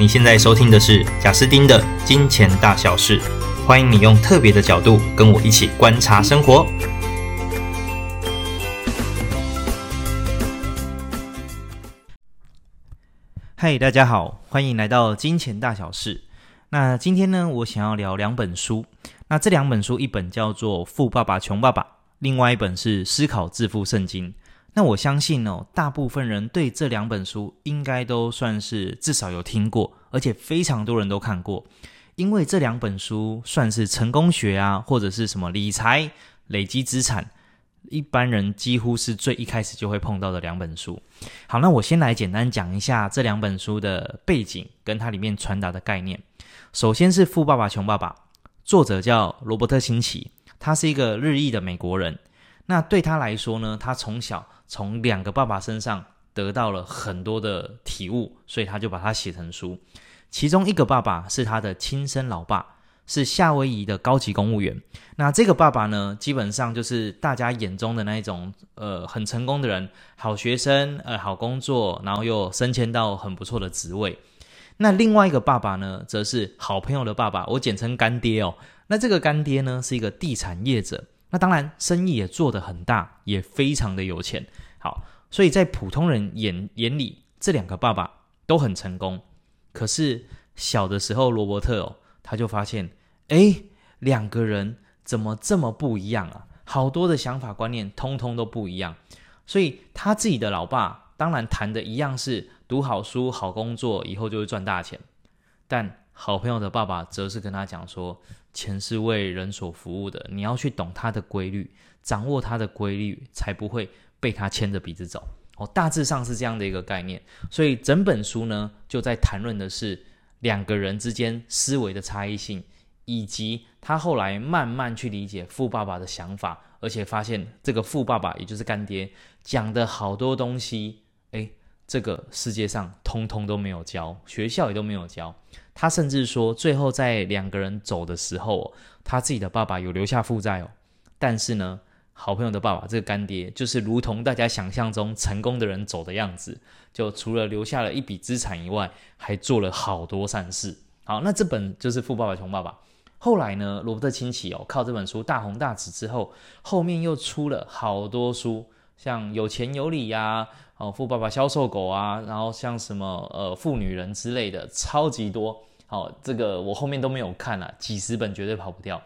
你現在收聽的是賈斯汀的《金錢大小事》，歡迎你用特別的角度跟我一起觀察生活。嗨，大家好，歡迎來到《金錢大小事》。那今天呢，我想要聊兩本書。那這兩本書，一本叫做《富爸爸窮爸爸》，另外一本是《思考致富聖經》。那我相信哦，大部分人對這兩本書應該都算是至少有聽過，而且非常多人都看過，因為這兩本書算是成功學啊，或者是什麼理財、累積資產，一般人幾乎是最一開始就會碰到的兩本書。好，那我先來簡單講一下這兩本書的背景跟它裡面傳達的概念。首先是《富爸爸窮爸爸》，作者叫羅伯特清崎，他是一個日裔的美國人。那對他來說呢，他從小。從兩個爸爸身上得到了很多的體悟，所以他就把它寫成書。其中一個爸爸是他的親生老爸，是夏威夷的高級公務員。那這個爸爸呢，基本上就是大家眼中的那一種，呃，很成功的人，好學生，呃，好工作，然後又升遷到很不錯的職位。那另外一個爸爸呢，則是好朋友的爸爸，我簡稱乾爹哦。那這個乾爹呢，是一個地產業者。那當然，生意也做得很大，也非常的有錢。好，所以在普通人眼眼裡，這兩個爸爸都很成功。可是小的時候，羅伯特哦，他就發現，哎，兩個人怎麼這麼不一樣啊？好多的想法觀念，通通都不一樣。所以他自己的老爸，當然談的一樣是讀好書、好工作，以後就會賺大錢。但好朋友的爸爸，則是跟他講說，錢是為人所服務的，你要去懂它的規律，掌握它的規律，才不會被他牽着鼻子走、哦。大致上是這樣的一個概念，所以整本書呢，就在談論的是兩個人之間思維的差異性，以及他後來慢慢去理解富爸爸的想法，而且發現這個富爸爸也就是乾爹講的好多東西，誒、欸，這個世界上通通都沒有教，學校也都沒有教。他甚至說，最後在兩個人走的時候、哦，他自己的爸爸有留下負債哦。但是呢，好朋友的爸爸這個乾爹，就是如同大家想象中成功的人走的樣子，就除了留下了一筆資產以外，還做了好多善事。好，那這本就是《富爸爸窮爸爸》。後來呢，羅伯特清崎哦，靠這本書大紅大紫之後，後面又出了好多書，像《有錢有理》呀，哦，《富爸爸銷售狗》啊，然後像什麼呃《富女人》之類的，超級多。好，這個我後面都沒有看了，幾十本絕對跑不掉。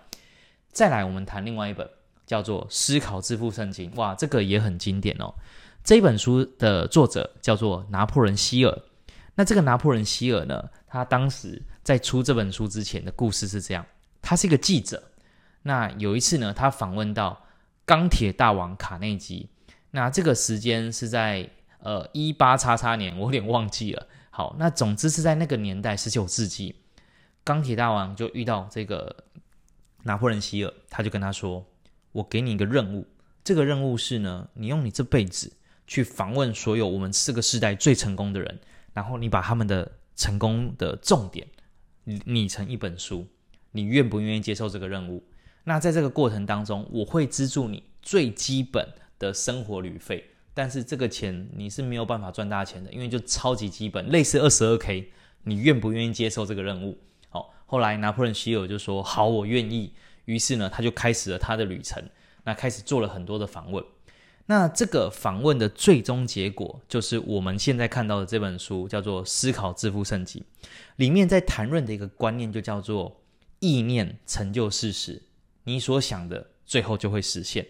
再來，我們談另外一本，叫做《思考致富聖經》。哇，這個也很經典哦。這一本書的作者叫做拿破崙希爾。那這個拿破崙希爾呢，他當時在出這本書之前的故事是這樣：他是一個記者。那有一次呢，他訪問到鋼鐵大王卡內基。那這個時間是在呃一八叉叉年，我有點忘記了。好，那總之是在那個年代，十九世紀，鋼鐵大王就遇到這個拿破崙希爾，他就跟他說：“我給你一個任務，這個任務是呢，你用你這輩子去訪問所有我們四個世代最成功的人，然後你把他們的成功的重點擬成一本書，你願不願意接受這個任務？那在這個過程當中，我會資助你最基本的生活旅費。”但是這個錢你是沒有辦法賺大錢的，因為就超級基本，類似 22K，你願不願意接受這個任務？好，後來拿破崙希爾就說：“好，我願意。”於是呢，他就開始了他的旅程，那開始做了很多的訪問。那這個訪問的最終結果，就是我們現在看到的這本書，叫做《思考致富聖經》，裡面在談論的一個觀念，就叫做“意念成就事實”，你所想的最後就會實現。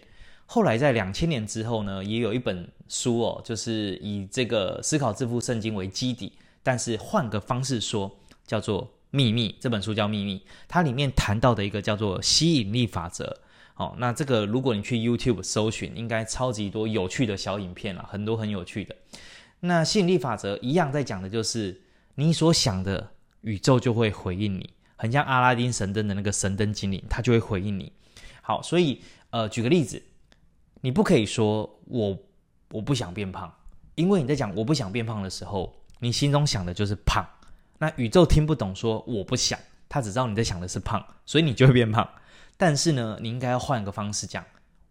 後來在兩千年之後呢，也有一本書哦，就是以這個《思考致富聖經》為基底，但是換個方式說，叫做《秘密》這本書叫《秘密》，它裡面談到的一個叫做吸引力法則。哦，那這個如果你去 YouTube 搜尋，應該超級多有趣的小影片啦，很多很有趣的。那吸引力法則一樣在講的就是你所想的，宇宙就會回應你，很像阿拉丁神燈的那個神燈精靈，它就會回應你。好，所以呃，舉個例子。你不可以說，我我不想變胖，因為你在講我不想變胖的時候，你心中想的就是胖。那宇宙聽不懂說我不想，它只知道你在想的是胖，所以你就會變胖。但是呢，你應該要換一個方式講，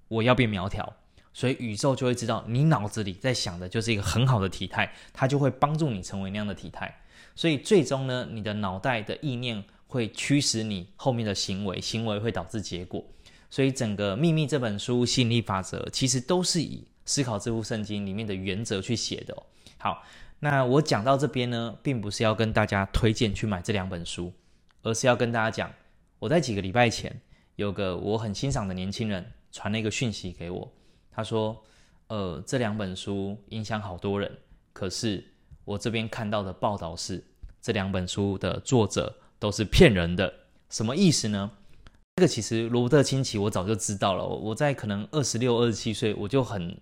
我要變苗條，所以宇宙就會知道你腦子裡在想的就是一個很好的體態，它就會幫助你成為那樣的體態。所以最終呢，你的腦袋的意念會驅使你後面的行為，行為會導致結果。所以，整個《秘密》這本書、《吸引力法則》其實都是以《思考致富聖經》裡面的原則去寫的哦。好，那我講到這邊呢，並不是要跟大家推薦去買這兩本書，而是要跟大家講，我在幾個禮拜前有個我很欣賞的年輕人傳了一個訊息給我，他說：“呃，這兩本書影響好多人，可是我這邊看到的報道是這兩本書的作者都是騙人的。”什麼意思呢？這其實羅伯特·清崎，我早就知道了。我在可能二十六、二十七歲，我就很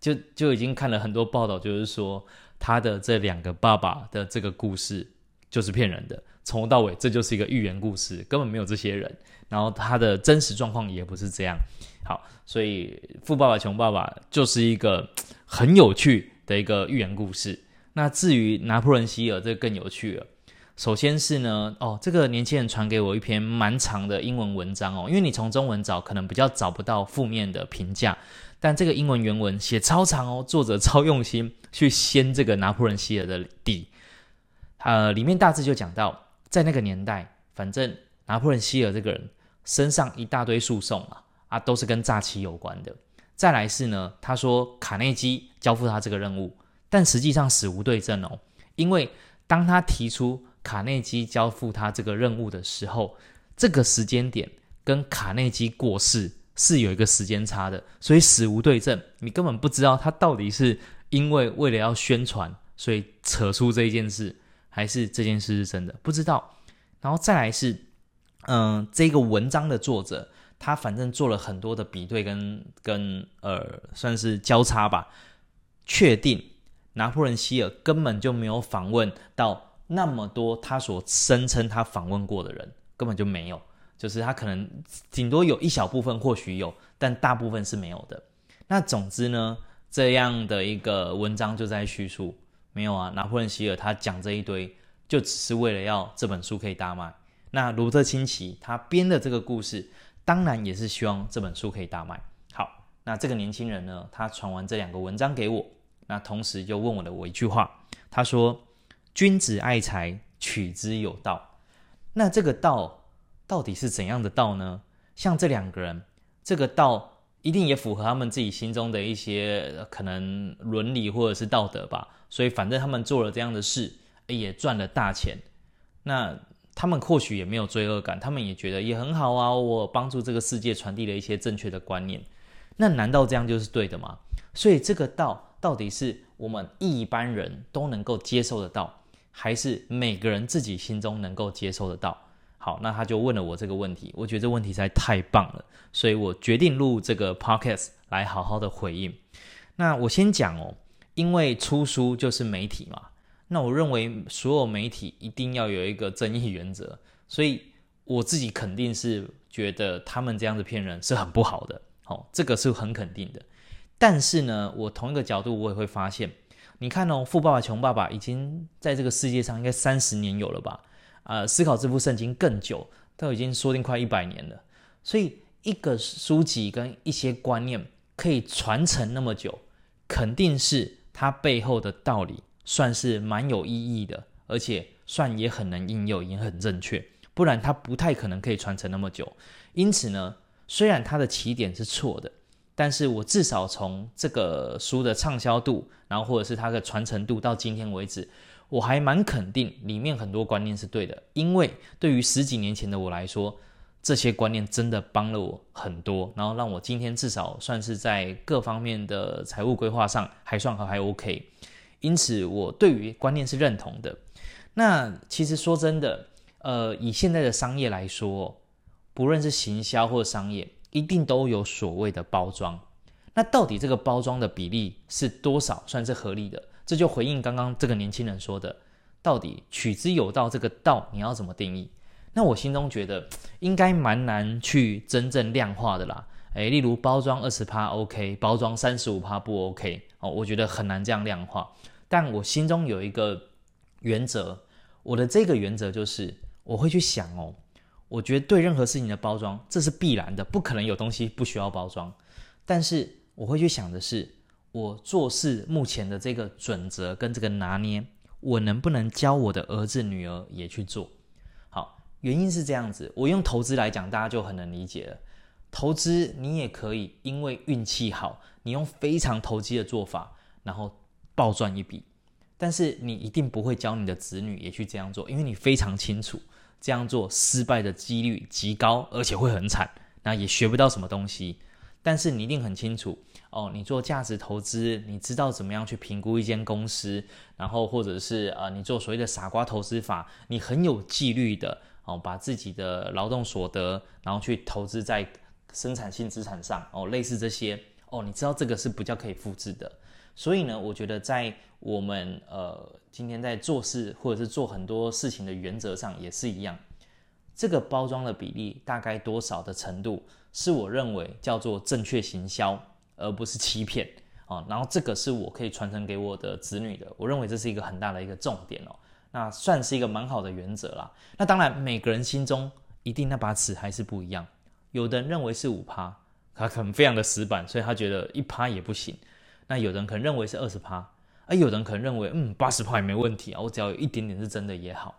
就就已經看了很多報道，就是說他的這兩個爸爸的這個故事就是騙人的，從頭到尾這就是一個寓言故事，根本沒有這些人。然後他的真實狀況也不是這樣。好，所以《富爸爸窮爸爸》就是一個很有趣的一個寓言故事。那至於拿破崙·希爾，這更有趣了。首先是呢，哦，這個年輕人傳給我一篇蠻長的英文文章哦，因為你從中文找可能比較找不到負面的評價，但這個英文原文寫超長哦，作者超用心去掀這個拿破崙希爾的底，呃，裡面大致就講到，在那個年代，反正拿破崙希爾這個人身上一大堆訴訟啊，啊，都是跟詐欺有關的。再來是呢，他說卡內基交付他這個任務，但實際上死無對證哦，因為當他提出。卡內基交付他這個任務的時候，這個時間點跟卡內基過世是有一個時間差的，所以死無對證，你根本不知道他到底是因為為了要宣傳，所以扯出這一件事，還是這件事是真的，不知道。然後再來是，嗯、呃，這個文章的作者，他反正做了很多的比對跟跟呃，算是交叉吧，確定拿破崙希爾根本就沒有訪問到。那麼多，他所聲稱他訪問過的人根本就沒有，就是他可能頂多有一小部分或許有，但大部分是沒有的。那總之呢，這樣的一個文章就在敘述，沒有啊？拿破崙希爾他講這一堆，就只是為了要這本書可以大賣。那盧特清崎他編的這個故事，當然也是希望這本書可以大賣。好，那這個年輕人呢，他傳完這兩個文章給我，那同時又問我的我一句話，他說。君子愛財，取之有道。那這個道到底是怎樣的道呢？像這兩個人，這個道一定也符合他們自己心中的一些可能倫理或者是道德吧。所以，反正他們做了這樣的事，也賺了大錢。那他們或許也沒有罪惡感，他們也覺得也很好啊，我幫助這個世界傳遞了一些正確的觀念。那難道這樣就是對的嗎？所以，這個道到底是我們一般人都能夠接受的道？還是每個人自己心中能夠接受得到？好，那他就問了我這個問題，我覺得這問題實在太棒了，所以我決定錄這個 podcast 來好好的回應。那我先講哦，因為出書就是媒體嘛，那我認為所有媒體一定要有一個正義原則，所以我自己肯定是覺得他們這樣子騙人是很不好的，哦，這個是很肯定的。但是呢，我同一個角度我也會發現。你看哦，《富爸爸窮爸爸》已經在這個世界上應該三十年有了吧？啊、呃，思考致富聖經更久，都已經說定快一百年了。所以，一個書籍跟一些觀念可以傳承那麼久，肯定是它背後的道理算是蠻有意義的，而且算也很能應用，也很正確，不然它不太可能可以傳承那麼久。因此呢，雖然它的起點是錯的。但是我至少從這個書的暢銷度，然後或者是它的傳承度到今天為止，我還蠻肯定裡面很多觀念是對的，因為對於十幾年前的我來說，這些觀念真的幫了我很多，然後讓我今天至少算是在各方面的財務規劃上還算還 OK。因此，我對於觀念是認同的。那其實說真的，呃，以現在的商業來說，不論是行銷或商業。一定都有所謂的包裝，那到底這個包裝的比例是多少算是合理的？這就回應剛剛這個年輕人說的，到底取之有道這個道你要怎麼定義？那我心中覺得應該蠻難去真正量化的啦。誒例如包裝二十趴 OK，包裝三十五趴不 OK 哦，我覺得很難這樣量化。但我心中有一個原則，我的這個原則就是我會去想哦。我覺得對任何事情的包裝，這是必然的，不可能有東西不需要包裝。但是我會去想的是，我做事目前的這個準則跟這個拿捏，我能不能教我的兒子女兒也去做？好，原因是這樣子。我用投資來講，大家就很能理解了。投資你也可以，因為運氣好，你用非常投機的做法，然後暴賺一筆。但是你一定不會教你的子女也去這樣做，因為你非常清楚。這樣做失敗的幾率極高，而且會很慘，那也學不到什麼東西。但是你一定很清楚哦，你做價值投資，你知道怎麼樣去評估一間公司，然後或者是呃，你做所謂的傻瓜投資法，你很有紀律的哦，把自己的勞動所得然後去投資在生產性資產上哦，類似這些哦，你知道這個是比較可以複製的。所以呢，我覺得在我們呃今天在做事或者是做很多事情的原則上也是一樣，這個包裝的比例大概多少的程度，是我認為叫做正確行銷，而不是欺騙啊。哦，然後這個是我可以傳承給我的子女的，我認為這是一個很大的一個重點哦。那算是一個蠻好的原則啦。那當然每個人心中一定那把尺還是不一樣，有的人認為是五趴，他可能非常的死板，所以他覺得一趴也不行。那有人可能認為是二十趴，啊、呃，有人可能認為，嗯，八十趴也沒問題啊，我只要有一點點是真的也好。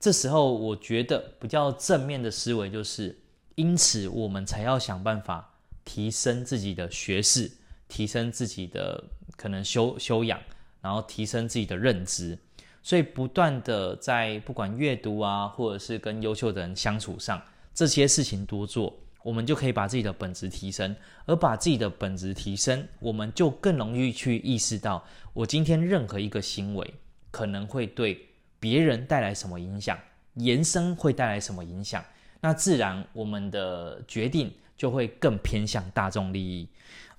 這時候我覺得比較正面的思維就是，因此我們才要想辦法提升自己的學識，提升自己的可能修修養，然後提升自己的認知，所以不斷的在不管閱讀啊，或者是跟優秀的人相處上，這些事情多做。我們就可以把自己的本質提升，而把自己的本質提升，我們就更容易去意識到，我今天任何一個行為可能會對別人帶來什麼影響，延伸會帶來什麼影響。那自然我們的決定就會更偏向大眾利益。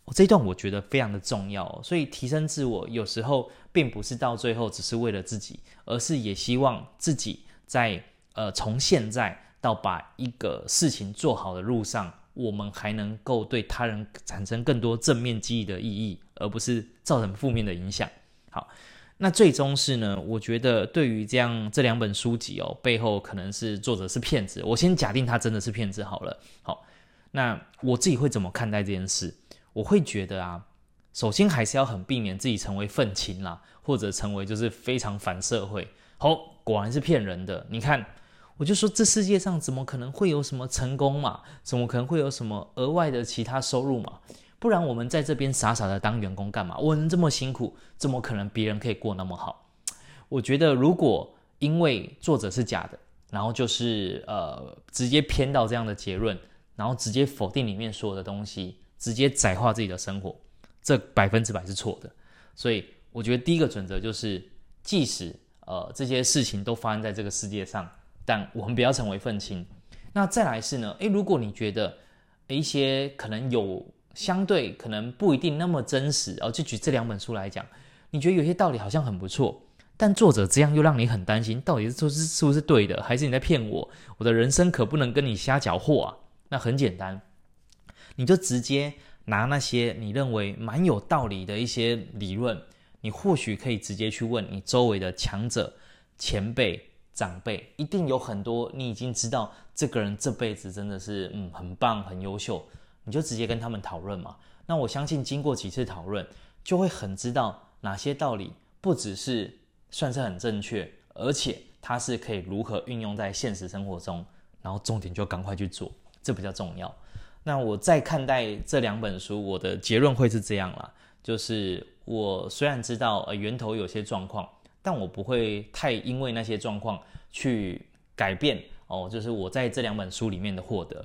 我這一段我覺得非常的重要，所以提升自我有時候並不是到最後只是為了自己，而是也希望自己在呃從現在。要把一個事情做好的路上，我們還能夠對他人產生更多正面記憶的意義，而不是造成負面的影響。好，那最終是呢？我覺得對於這樣這兩本書籍哦，背後可能是作者是騙子。我先假定他真的是騙子好了。好，那我自己會怎麼看待這件事？我會覺得啊，首先還是要很避免自己成為憤青啦，或者成為就是非常反社會。好，果然是騙人的，你看。我就說，這世界上怎麼可能會有什麼成功嘛？怎麼可能會有什麼額外的其他收入嘛？不然我們在這邊傻傻的當員工幹嘛？我們這麼辛苦，怎麼可能別人可以過那麼好？我覺得，如果因為作者是假的，然後就是呃，直接偏到這樣的結論，然後直接否定裡面所有的東西，直接窄化自己的生活，這百分之百是錯的。所以，我覺得第一個準則就是，即使呃這些事情都發生在這個世界上。但我們不要成為憤青。那再來是呢？誒，如果你覺得一些可能有相對可能不一定那麼真實，然後，哦，就舉這兩本書來講，你覺得有些道理好像很不錯，但作者這樣又讓你很擔心，到底是是是不是對的，還是你在騙我？我的人生可不能跟你瞎攪和啊！那很簡單，你就直接拿那些你認為蠻有道理的一些理論，你或許可以直接去問你周圍的強者前輩。長輩一定有很多你已經知道，這個人這輩子真的是嗯很棒很優秀，你就直接跟他們討論嘛。那我相信經過幾次討論，就會很知道哪些道理不只是算是很正確，而且它是可以如何運用在現實生活中。然後重點就趕快去做，這比較重要。那我在看待這兩本書，我的結論會是這樣啦，就是我雖然知道呃源頭有些狀況。但我不會太因為那些狀況去改變哦，就是我在這兩本書裡面的獲得。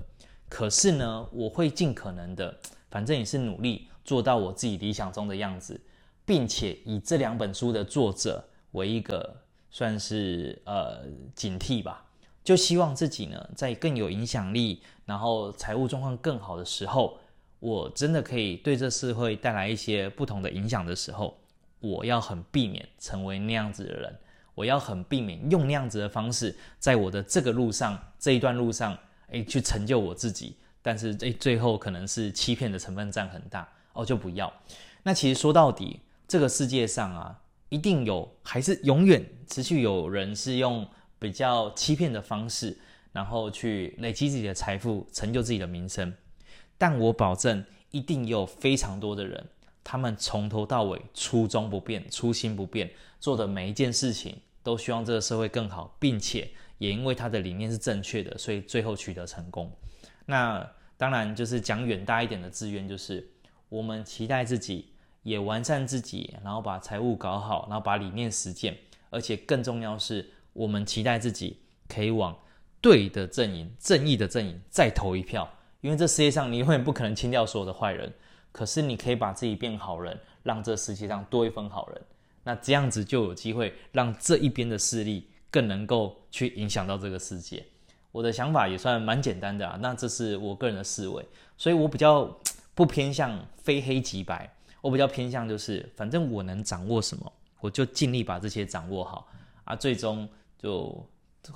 可是呢，我會盡可能的，反正也是努力做到我自己理想中的樣子，並且以這兩本書的作者為一個算是呃警惕吧，就希望自己呢在更有影響力，然後財務狀況更好的時候，我真的可以對這社會帶來一些不同的影響的時候。我要很避免成為那樣子的人，我要很避免用那樣子的方式，在我的這個路上這一段路上，哎，去成就我自己。但是，哎，最後可能是欺騙的成分占很大，哦，就不要。那其實說到底，這個世界上啊，一定有還是永遠持續有人是用比較欺騙的方式，然後去累積自己的財富，成就自己的名聲。但我保證，一定有非常多的人。他們從頭到尾初衷不變，初心不變，做的每一件事情都希望這個社會更好，並且也因為他的理念是正確的，所以最後取得成功。那當然就是講遠大一點的志願，就是我們期待自己也完善自己，然後把財務搞好，然後把理念實踐，而且更重要是我們期待自己可以往對的陣營、正義的陣營再投一票，因為這世界上你永遠不可能清掉所有的壞人。可是你可以把自己變好人，讓這世界上多一分好人，那這樣子就有機會讓這一邊的勢力更能夠去影響到這個世界。我的想法也算蠻簡單的啊，那這是我個人的思維，所以我比較不偏向非黑即白，我比較偏向就是反正我能掌握什麼，我就盡力把這些掌握好啊，最終就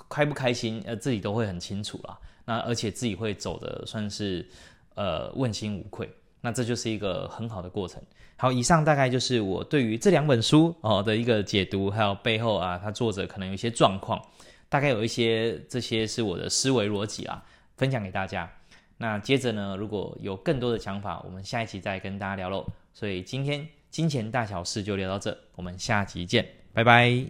開不開心呃自己都會很清楚啦，那而且自己會走得算是呃問心無愧。那這就是一個很好的過程。好，以上大概就是我對於這兩本書哦的一個解讀，還有背後啊，它作者可能有一些狀況，大概有一些這些是我的思維邏輯啊，分享給大家。那接着呢，如果有更多的想法，我們下一期再跟大家聊嘍。所以今天金錢大小事就聊到這，我們下期見，拜拜。